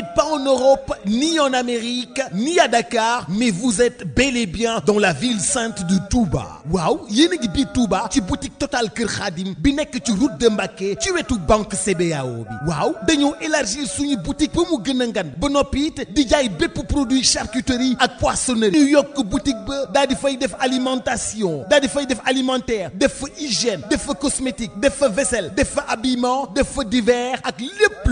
n'êtes pas en Europe, ni en Amérique, ni à Dakar, mais vous êtes bel et bien dans la ville sainte de Touba. waaw yéen a ngi biir Touba ci boutique Total Kër Khadim bi nekk ci route de Mbacké ci wetu banque CBAO bi waaw dañoo élargir suñu boutique ba mu gën a ngan ba noppi it di jaay bépp produit charcuterie ak poissonnerie ñu yokk boutique ba daal di fay def alimentation daal di fay def alimentaire def fa hygiène def fa cosmétique def fa vaisselle def fa habillement def fa divers ak lépp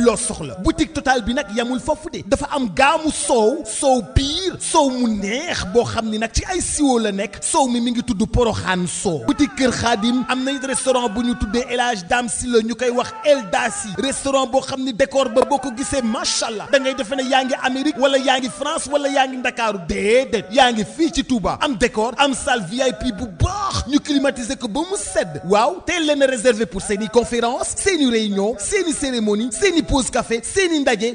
yemul foofu dafa am gaamu soow soow piir soow mu neex boo xam ni nag ci ay siwo la nekk soow mi mi ngi tudd poroxaan soow boutique Kër Xaadim am nañ restaurant bu ñu tuddee El Hadj si la ñu koy wax El Dasi restaurant boo xam ni décor ba boo ko gisee macha allah da ngay defe ne yaa ngi Amérique wala yaa ngi France wala yaa ngi Ndakaaru déedéet yaa ngi fii ci Touba am décor am salle VIP bu baax ñu climatiser ko ba mu sedd waaw teel leen réservé pour seeni conférence seeni réunion seeni cérémonie seeni pause café seeni ndaje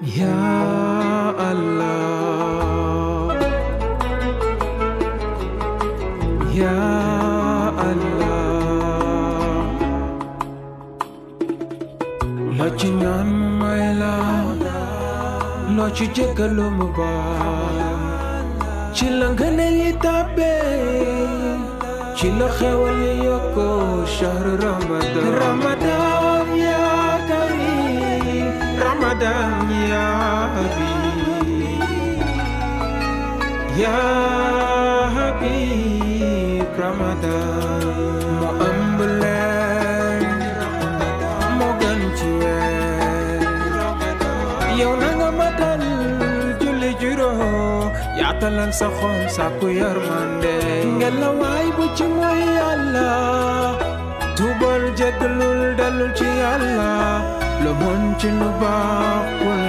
Ya Allah Ya Allah loo ci ñaan mu may la loo ci jéggalu mu baal ci la ngëneel yi tàbbee ci la xewal yi yokko shahru Ramadan ya Habib Ramadan moo ëmb leen moo gën ci yow na nga matal julli juróom yaatalal sa xol sàkku yërmande ngelaw waay bu ci mooy yàlla tubal jégalul dellu ci yàlla lu mën ci lu baax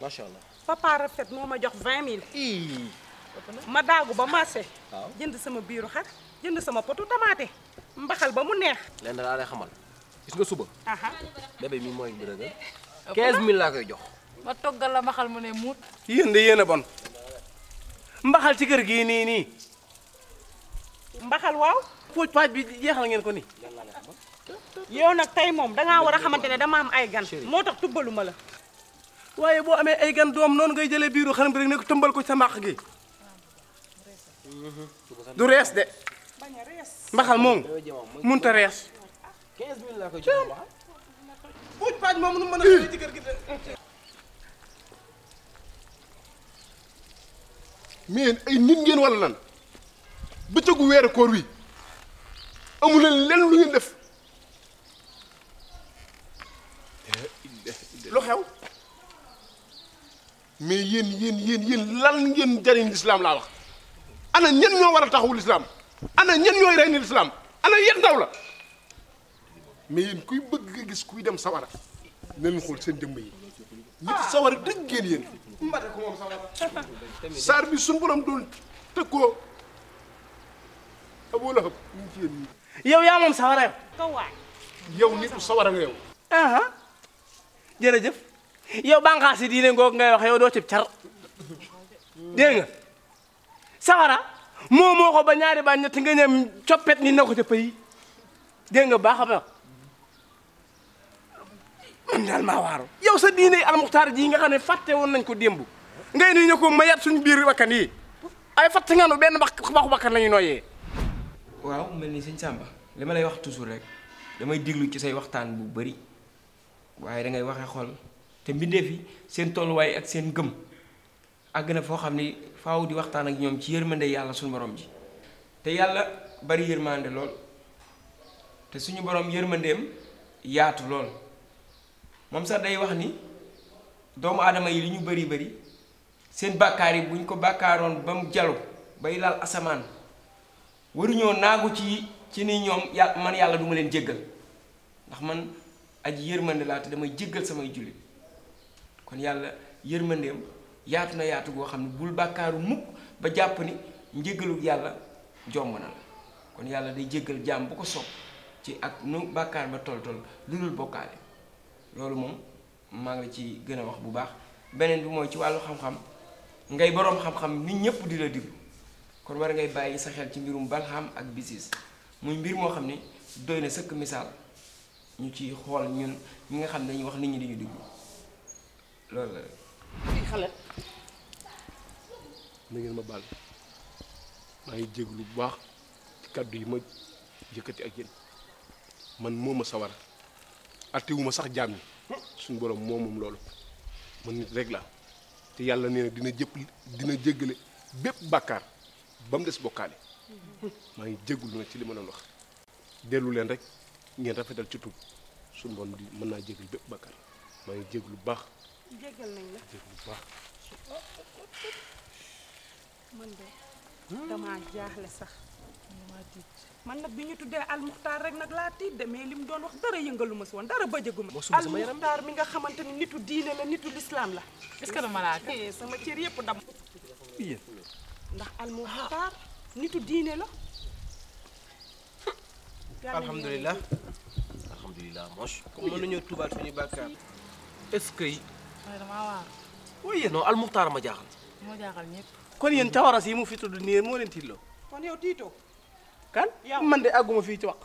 macha allah papa rafet moo ma jox vingt mille. ma daagu ba marché. jënd sama biiru xar jënd sama potu tamaate mbaxal ba mu neex. lenn laa lay xamal gis nga suba. bébé mi mooy gën a laa koy jox. ma toggal la mbaxal mu ne muut. yéen de yéen a bon mbaxal ci kër gii nii nii. mbaxal waaw. pooj paaj bi jeexal ngeen ko nii. yow nag tey moom da ngaa war a xamante ne dama am ay gan. moo tax tubbalu la. waaye boo amee ay gan doom noonu ngay jëlee biiru xaram bi rek ne ko tëmbal ko sa mbaq gi du rees de mbaxal moom munta rees buuj paaj moom nu ci kër gi de mais ay nit ngeen wala lan bëccëgu weeru koor wi amu leen lu ngeen def eh, lu xew mais yéen yéen yéen yéen lan ngeen jariñ lislaam laa wax ana ñen ñoo war a taxawu lislaam ana ñen ñooy rey ni lislaam ana yéen ndaw la mais yéen kuy bëgg nga gis kuy dem sawara na xool seen dëmb yi nit sawara ko moom sawara saar bi suñu borom doon tëg koo aboo laxab ñu ngi ci yéen yaa moom sawara yow kawaay yow nitu sawara nga yow yow bànqaas yi diine googu ngay wax yow doo cib car dégg sawara moo moo ko ba ñaari ba ñett nga ñem coppet ni na ko ca pëy dégg nga baax a baax man daal maa waaru yow sa diine almuxtaar ji nga xam ne fàtte woon nañ ko démb ngay ni ñu ko mayaat suñu biir bakkan yi ay fàtte nga nu benn wax waxu bakkan lañu noyee waaw mel ni sañ sàmba li ma lay wax toujours rek damay diglu ci say waxtaan bu bari waaye dangay waxe xol te mbindeef yi seen tolluwaay ak seen gëm àgg na foo xam ni faw di waxtaan ak ñoom ci yërmande yàlla suñu borom ji te yàlla bari yërmande lool te suñu borom yërmandeem yaatu lool moom sax day wax ni doomu aadama yi li ñu bari bari seen bàkkaar yi buñ ko bàkkaaroon ba mu jalu bay laal asamaan waruñoo naagu ci ci ni ñoom yàlla man yàlla duma leen jéggal ndax man aji yërmande laa te damay jéggal samay jullit kon yàlla yërmandeem yaatu na yaatu goo xam ne bul bàkkaaru mukk ba jàpp ni njëggalu yàlla jomb na la kon yàlla day jéggal jaam bu ko sopp ci ak nu bàkkaar ba tol tol lu dul bokkaale loolu moom maa ngi ci gën a wax bu baax beneen bi mooy ci wàllu xam-xam ngay boroom xam-xam nit ñëpp di la diglu kon war ngay bàyyi sa xel ci mbirum balxam ak bisis muy mbir moo xam ne doy na sëkk misaal ñu ci xool ñun ñi nga xam dañuy wax nit ñi di ñu diglu loolu na ngeen ma baal maa ngi jéglu bu baax ci kàddu yi ma yëkkati ak yéen man moom ma sawar attewuma sax jaam ñi suñu borom moo moom loolu man nit rek la te yàlla nee dina jëpp dina jéggale bépp bàkkaar ba mu des bokkaale maa ngi jéglu na ci li ma doon wax dellu leen rek ngeen rafetal ci tub suñu borom di mën naa jégal bépp bàkkaar maa ngi jéglu bu baax jéggal nañ la jéggal bu baax man hmm. damaa jaaxle sax man nag bi ñu tuddee almuxtaar rek nag laa tiit de mais li mu doon wax dara yëngaluma si woon dara bëjëguma almuxtaar mi nga xamante ni nitu diine la nitu lislaam la est-ce que dama eh, sama cër yëpp dam ndax almuxtaar nitu diine la alhamdulilah ah. alhamdulilah moche comme mënuñoo tubaat suñu bàkkaar est-ce mooy damaa waar. waaye yéen noonu almuxtaar ma jaaxal. moo jaaxal ñëpp. kon yéen cawara si mu fi tudd nii moo leen tiitloo. kon kan man de àgguma fii ci wax.